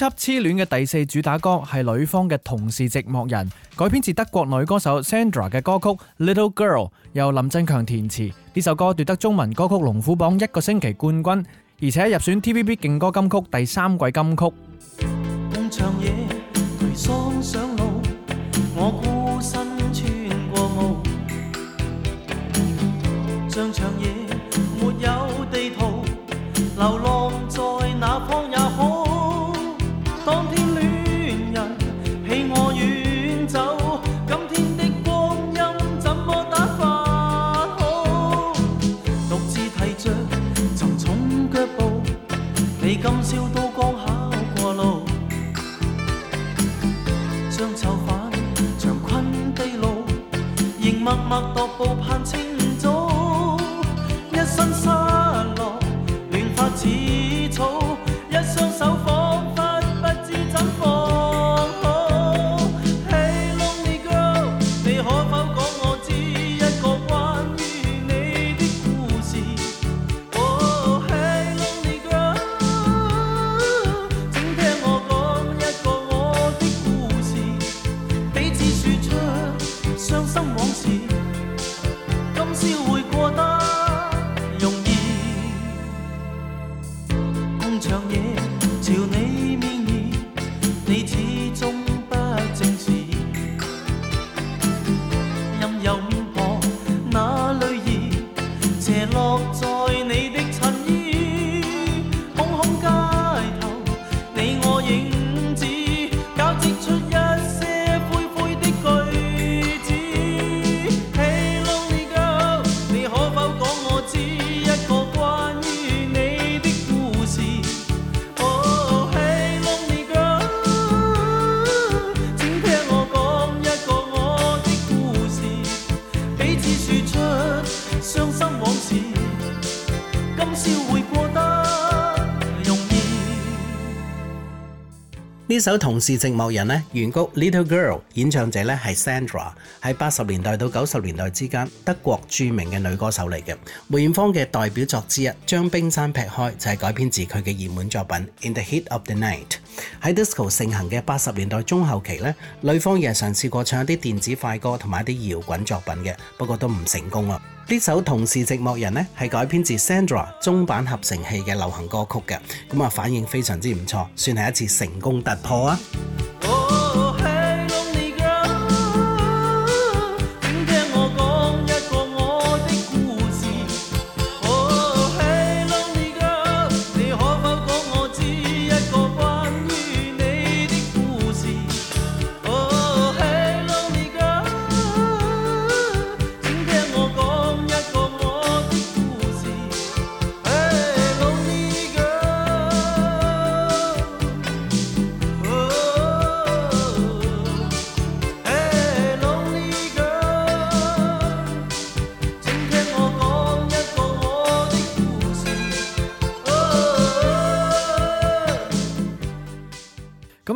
A: 《痴戀》嘅第四主打歌係呂方嘅《同是寂寞人》，改編自德國女歌手 Sandra 嘅歌曲《Little Girl》，由林振強填詞。呢首歌奪得中文歌曲龍虎榜一個星期冠軍，而且入選 TVB 勁歌金曲第三季金曲。
B: 嗯長像囚犯，長困低路，仍默默踱步盼清早，一身失落，亂髮似草。
C: 呢首《同是寂寞人》呢，原曲 Little Girl 演唱者咧係 Sandra，係八十年代到九十年代之間，德國著名嘅女歌手嚟嘅。梅艷芳嘅代表作之一《將冰山劈開》，就係、是、改編自佢嘅熱門作品《In the Heat of the Night》。喺 disco 盛行嘅八十年代中後期咧，呂方亦嘗試過唱一啲電子快歌同埋一啲搖滾作品嘅，不過都唔成功啊！呢首《同是寂寞人》呢係改編自 Sandra 中板合成器嘅流行歌曲嘅，咁啊反應非常之唔錯，算係一次成功突破啊！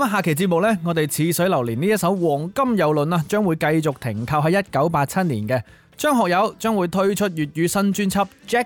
A: 下期節目呢，我哋《似水流年》呢一首《黃金郵輪》啊，將會繼續停靠喺一九八七年嘅。張學友將會推出粵語新專輯《Jackie》，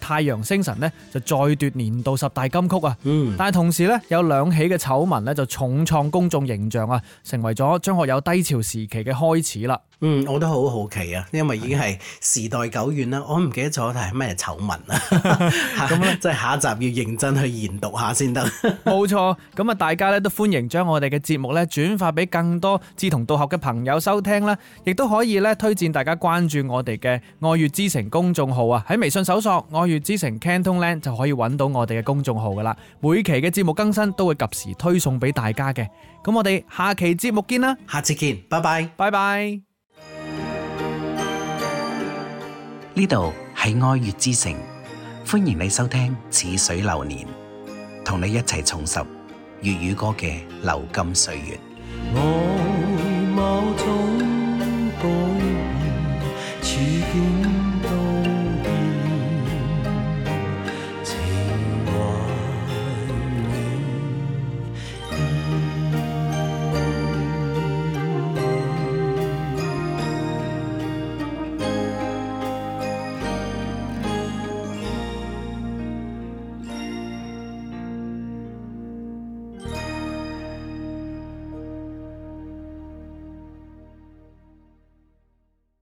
A: 太陽星辰呢就再奪年度十大金曲啊！嗯，但係同時呢，有兩起嘅醜聞呢就重創
C: 公眾形象啊，成為咗張學友低潮時期嘅開始啦。嗯，我都好好奇啊，因為已經係時代久遠啦，我唔記得咗係咩醜聞啊， 那呢 即係下一集要認真去研讀下先得。冇 錯，咁啊大家咧都歡迎將我哋
A: 嘅節目咧轉發俾更多志同道合嘅朋友收聽啦，亦都可以咧推薦大家關注。我哋嘅愛粵之城公眾號啊，喺微信搜索愛粵之城 CantonLand 就可以揾到我哋嘅公眾號噶啦。每期嘅節目更新都會及時推送俾大家嘅。
C: 咁我哋下期節目見啦，下次見，拜拜，拜拜。呢度係愛粵之城，歡迎你收聽《似水流年》，同你一齊重拾粵語歌嘅流金歲月。哦